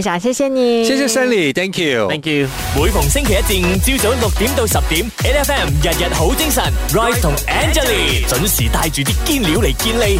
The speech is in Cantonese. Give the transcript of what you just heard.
非常謝謝你，謝謝 Stanley，Thank you，Thank you。每逢星期一至五朝早六點到十點，FM 日日好精神，Rise 同 Angelie 準時帶住啲堅料嚟堅利。